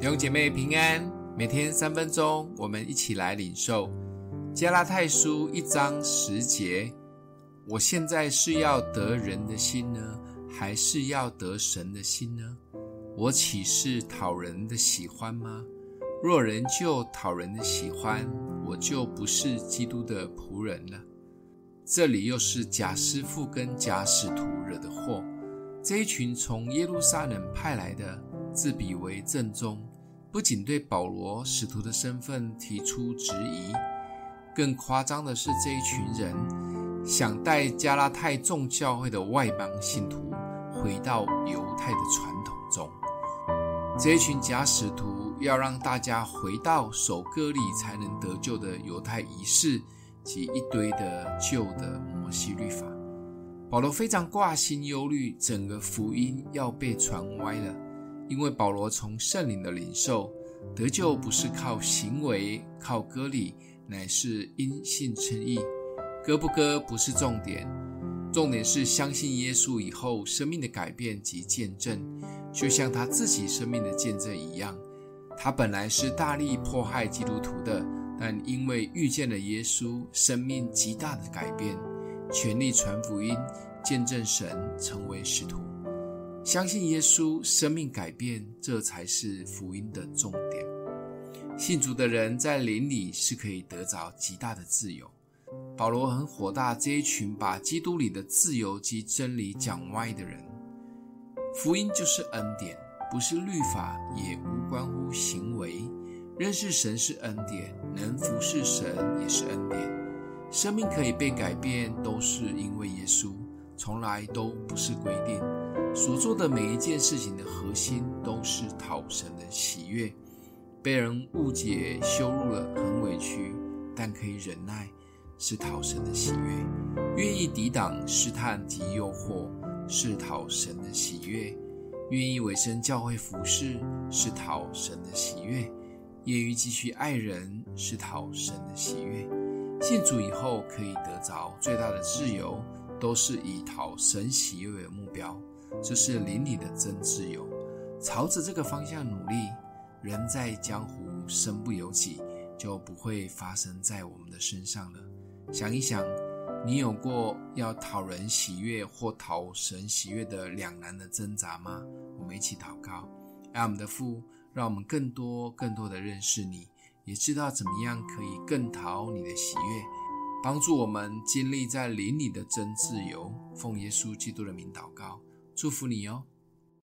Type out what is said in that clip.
弟兄姐妹平安，每天三分鐘，我們一起來領受加拉太書一章十節。我現在是要得人的心呢，還是要得神的心呢？我豈是討人的喜歡嗎？若仍舊討人的喜歡，我就不是基督的僕人了。這裡又是假師傅跟假使徒惹的禍，這一群從耶路撒冷派來的。自比為正宗，不僅對保羅使徒的身份提出質疑，更誇張的是，這一群人想帶加拉太眾教會的外邦信徒回到猶太的傳統中。這一群假使徒要讓大家回到守割禮才能得救的猶太儀式及一堆的舊的摩西律法。保羅非常掛心憂慮，整個福音要被傳歪了。因為保羅從聖靈的領受，得救不是靠行為、靠割禮，乃是因信稱義。割不割不是重點，重點是相信耶穌以後生命的改變及見證，就像他自己生命的見證一樣。他本來是大力迫害基督徒的，但因為遇見了耶穌，生命極大的改變，全力傳福音，見證神成為使徒。相信耶穌，生命改變，這才是福音的重點。信主的人在靈裡是可以得着極大的自由。保羅很火大，這一群把基督裡的自由及真理講歪的人。福音就是恩典，不是律法，也無關乎行為。認識神是恩典，能服事神也是恩典。生命可以被改變，都是因為耶穌，從來都不是規定。所做的每一件事情的核心都是討神的喜悅。被人誤解、羞辱了，很委屈，但可以忍耐，是討神的喜悅；願意抵擋試探及誘惑，是討神的喜悅；願意委身教會服事，是討神的喜悅；願意繼續愛人，是討神的喜悅。信主以後可以得着最大的自由，都是以討神喜悅為目標。這是靈裡的真自由，朝着這個方向努力，人在江湖身不由己，就不會發生在我們的身上了。想一想，你有過要討人喜悅或討神喜悅的兩難的掙扎嗎？我們一起禱告，愛我們的父，讓我們更多、更多的認識你，也知道怎麼樣可以更討你的喜悅，幫助我們經歷在靈裡的真自由。奉耶穌基督的名禱告。祝福你喲！